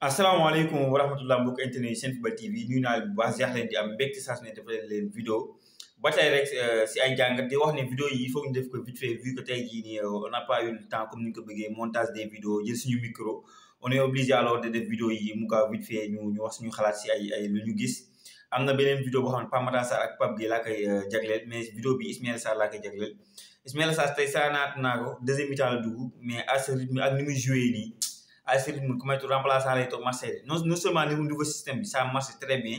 asalaamaaleykum wa rahmatulah mbokk internet yi football TV ñu naa bu baax ziar leen di am mbégte saa su ne defal leen vidéo ba tay rek euh, si ay jàngat di wax ne vidéo yi il faut ñu def ko vite fait vu que tay jii nii euh, on n'a pas eu le temps comme ñu ko bëggee montage des vidéos jël suñu micro on est obligé alors de def vidéo yi mu ka vite fait ñu ñu wax suñu xalaat si ay ay lu ñu gis am na beneen vidéo boo xam ne Pape Sarr ak Pape Gueye laa koy euh, jagleel mais vidéo bi Ismaël Sarr laa koy jagleel Ismaël Sarr tey saa naat naa ko deuxième mi-temps la dugg mais à ce rythme ak ni muy joué nii à Serigne Moun ku may tudd remplaçant lay Thomas Marseille non non seulement niveau nouveau système ça marche très bien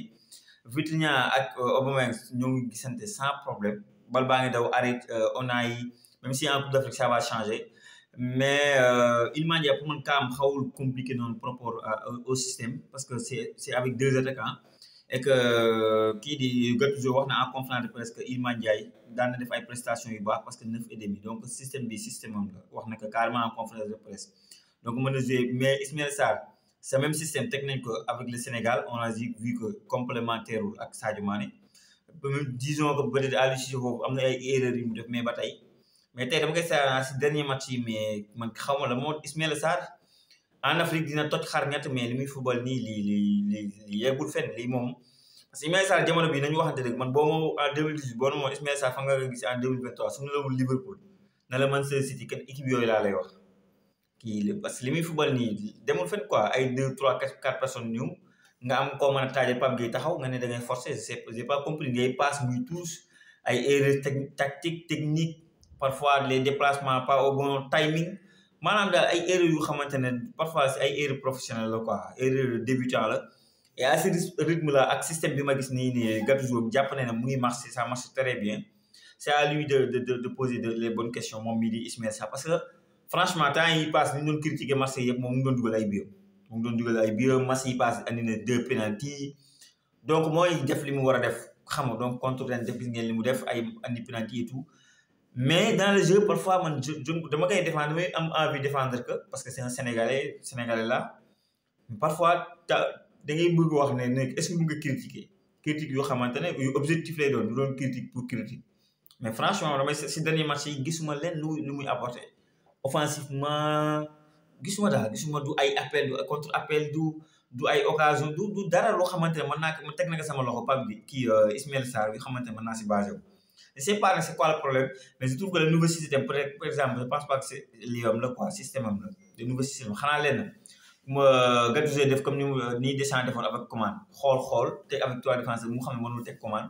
Vitinha et euh, Aubameyang ñoo ngi sans problème bal baa ngi daw arrêt euh, Ona même si en Coupe d'Afrique ça va changer mais euh, Iliman Ndiaye pour mon cam xawul compliqué non par rapport au système parce que c'est c'est avec deux attaquants et que qui dit Gattuso wax na en conférence de presse que il m'a dit dans def prestations yu baax parce que neuf et demi donc système bi système am la wax na que carrément en conférence de presse donc, on mais Ismaël Sarr, ce même système technique avec le Sénégal, on a dit, vu que complémentaire avec Sadio Mané. Même, disons que peut-être à l'issue il a des erreurs, il y a des batailles. Mais peut-être que c'est le dernier match, mais je sais pas, Ismaël Sarr, en Afrique, il y a des gens mais le football, il y a des gens parce que Ismaël Sarr jamono bii nañu waxante rek man boo en 2018 bon, ma Ismaël Sarr fa nga gis en 2023 su ñu la wul Liverpool na la Manchester City kenn équipe yooyu laa lay wax kii parce que les football ni demul fenn quoi ay 3 trois quatre personnes ñëw nga am ko mën a taaje Pape Gueye taxaw nga ne da ngay forcer c'est j'ai pas compris ngay passe muy tous ay erreurs tactique technique parfois les déplacements pas au bon timing manam dal ay erreurs yu xamantene parfois si ay erreurs professionnelles la quoi erreur de débutant la et à ce rythme là ak système bi ma gis ni ni Gattuso jàpp ne ne marché ça marche très bien c'est à lui de de de poser les bonnes questions moom mii di Ismaël ça parce que franchement temps yi passe ni ñu doon critiqué Marseille yëpp moom mu ngi doon dugal ay biir mu ngi doon dugal ay biir Marseille passe andi na deux penalty donc mooy def li mu war a def xam nga donc contre ren def gis ngeen li mu def ay andi penalty et tout mais dans le jeu parfois man je dama koy défendre mais am envie défendre que parce que c'est un sénégalais sénégalais là parfois ta da ngay bëgg wax ne ne est-ce que mën nga critiquer critique yoo xamante ne yu objectif lay doon du doon critique pour critique mais franchement damay si dernier match yi gisuma lenn lu lu muy apporter offensivement gisuma daal gisuma du ay appel du contre appel du du ay occasion du du dara loo xamante ne mën naa ko teg na ko sama loxo Pape bi kii euh, Ismaël Sarr bi xamante ne mën naa si basé wu. je sais pas nag c'est quoi le problème mais je trouve que le nouveau système peut être par exemple je pense pas que c'est lii am la quoi système am la le nouveau système xanaa lenn ma euh, Gattuso def comme ni euh, nii Deschamps defoon avec commande xool xool te avec trois défenseurs mu xam ne mënul teg commande.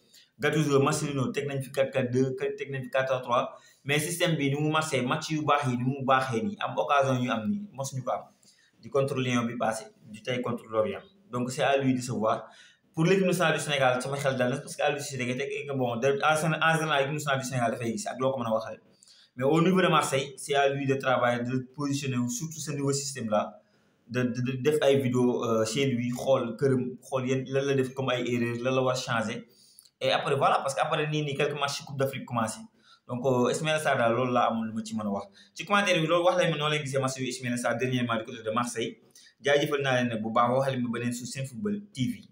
Gattuso Marcelino tek nañ fi 4-4-2 tek nañ fi 4-3 mais système bi ni mu marché match yu baax yi ni mu baaxee nii am occasion yu am nii mosuñu ko am di contre Lyon bi passé di tey contre Lorient donc c'est à lui de se voir pour l'équipe nationale du Sénégal sama xel dal na parce que Aliou Cissé da nga teg nga bon en général équipe nationale du Sénégal dafay gis ak loo ko mën a waxee mais au niveau de Marseille c'est à lui de travailler de positionner surtout ce nouveau système là. de de def ay vidéo euh, chez lui xool këram xool yan lan la def comme ay erreur lan la war changer et après voilà parce que après nii nii quelques matchs coupe d' commencé donc euh, Ismaïla Sarr loolu laa amul lu ma ci mën a wax ci commentaire bi loolu wax la mi noonu lañ gisee match yu Ismaïla Sarr dernièrement du côté de Marseille jaajëfal naa leen bu baax waxal mi beneen suuf seen football TV